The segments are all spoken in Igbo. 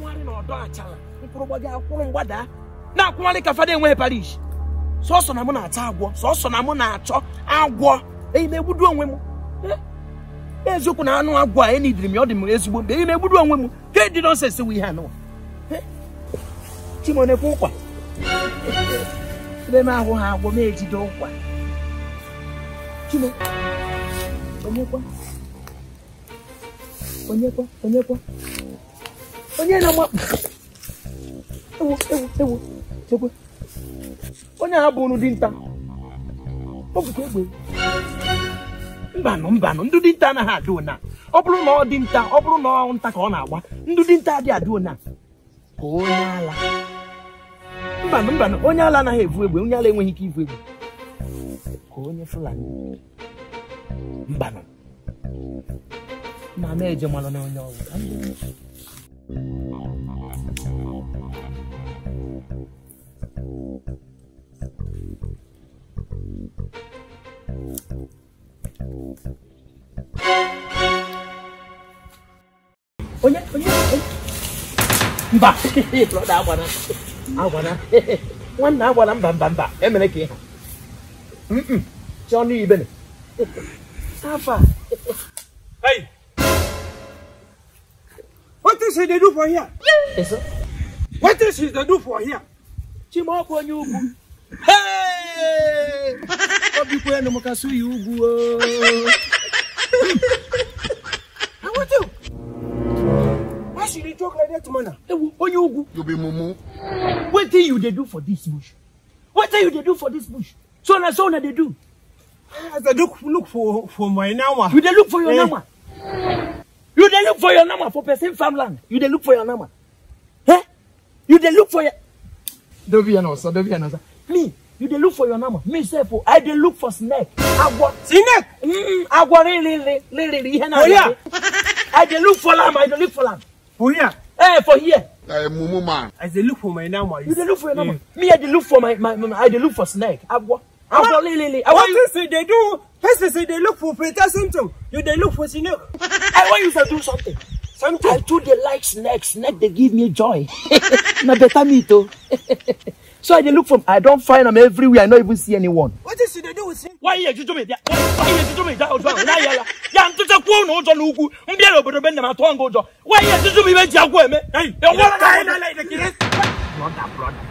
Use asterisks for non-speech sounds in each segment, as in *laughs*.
na-akwụgharị na ọdọ achara mkpụrụ gị akwụrụ mgbada na-akwụgharị ka fada enweghị parish sọsọ na mụ na-ata agwọ sọsọ na mụ na-achọ agwọ eyi m egbudu onwe m eh? eziokwu na anụ agwọ a e nidiri m ọ dị m ezigbo mgbe eyi m egbudu onwe m ka dị nọ wu ihe anụ ha agwọ ụkwa onye na-agbakpọ ewu ewu ewu chekwe onye a bụ unu nta, ọ egbe mbanụ mbanụ ndụ dinta anaghị adị ụna ọ bụrụ na ọ dị nta ọ bụrụ na ọ nta ka ọ na-agba ndụ dinta adị adị ụna ka onye ala mbanụ mbanụ onye ala anaghị ebu egbe onye ala enweghị ike ibu egbe ka onye Fulani mbanụ na na-eje malụ na onye ọbụla Onye, Mba, brọda agbara, agbara. Nwanne agbara mba mba mba, emere ka ị ha. Chọnụ ibene. Afa. thing she dey do for here? Yes, sir. What thing she dey do for here? Chimoku onye ugwu. Hey! Obikwe enu mụka su yi ugwu o. I want you. Why should you talk like that, man? Ewu, onye ugwu. You be mumu. What thing you dey do for this bush? What thing you dey do for this bush? So na so na they do. As I look look for for my nama. You they look for your eh. nama dey look for your number for person farmland you dey look for your number eh you dey look for your don't be an answer don't be an me you dey look for your number me sef o i dey look for snake agwo snake mm agwo rinrin rinrin ihe na oya i dey look for lamb i dey look for lamb for here eh for here uh, mumu man i dey look for my number you dey look for your number yeah. me i dey look for my, my, my i dey look for snake agwo I'm I What to it they do? First is they look for Peter symptom. You they look for snake. I want you to do something. Sometimes I they like snacks. Snack they give me joy. *laughs* Na better me too. *laughs* so I they look for. I don't find them everywhere. I not even see anyone. What is it they do with him? Why you do me that? Why you do me that? Ojo na ya la. Ya ntuta ku no ojo no ku. Mbi lo bodo ben na to ngo ojo. Why you do me be ji agwo eme? Hey, you want to na like the kids? Brother, brother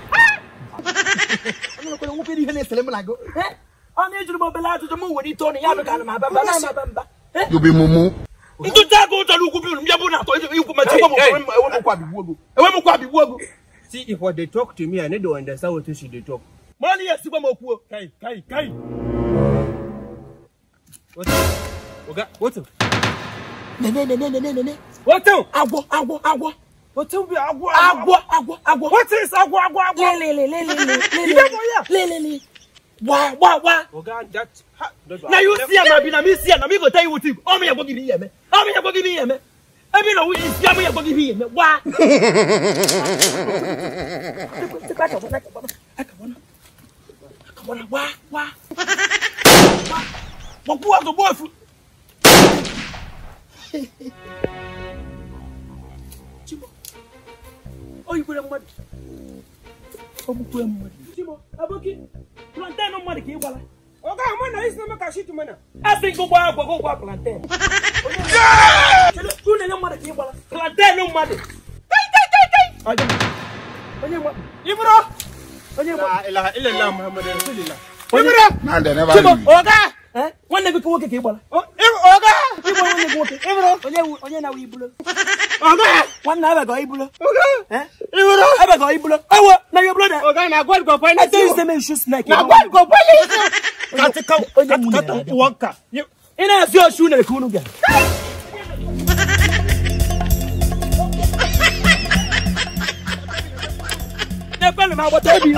wo pe ni hele sele mo lago eh on e juru mo to mo wori to ni ya be kana ma ba ba ma ba ba eh you be mumu ntu ta ko to lu ku bi mi abu na to e ku ma ti mo mo e see if what they talk to me i need to understand what she they talk money yes ba mo ku kai kai kai what oga what ne ne ne ne ne ne ne what agwo agwo agwo What will be agwa agwa agwa agwa? What is agwa agwa agwa? Lele lele lele lele lele. Wa wa wa. Oga that. Na you see am abi na me see na me go tell you what you. O me ya go give me me. O me ya go give me me. Ebi na we see am ya *laughs* oyikwere mmadụ ogbukwe mmadụ chimo aboki plantain mmadụ ka ị gwara ọ gaghị ama na isi na-eme ka shit mana asị gụgwọ agwọgwọ gwa plantain chedu na-enye mmadụ ka ị gwara plantain mmadụ onye mmadụ ibro onye mmadụ ilala muhammad rasulillah ibro chimo ọ gaa Eh? nwanne gị ka nwoke ka ị gbara ịgba nwanne gị nwoke onye na-awụ ibulo nwanne abịaga ibulo eh? abịaga ibulo ewo na yo broda I tell you say you shoot snake ị na-ezi ochi unere ka unu bịara ekwe na m agbata obi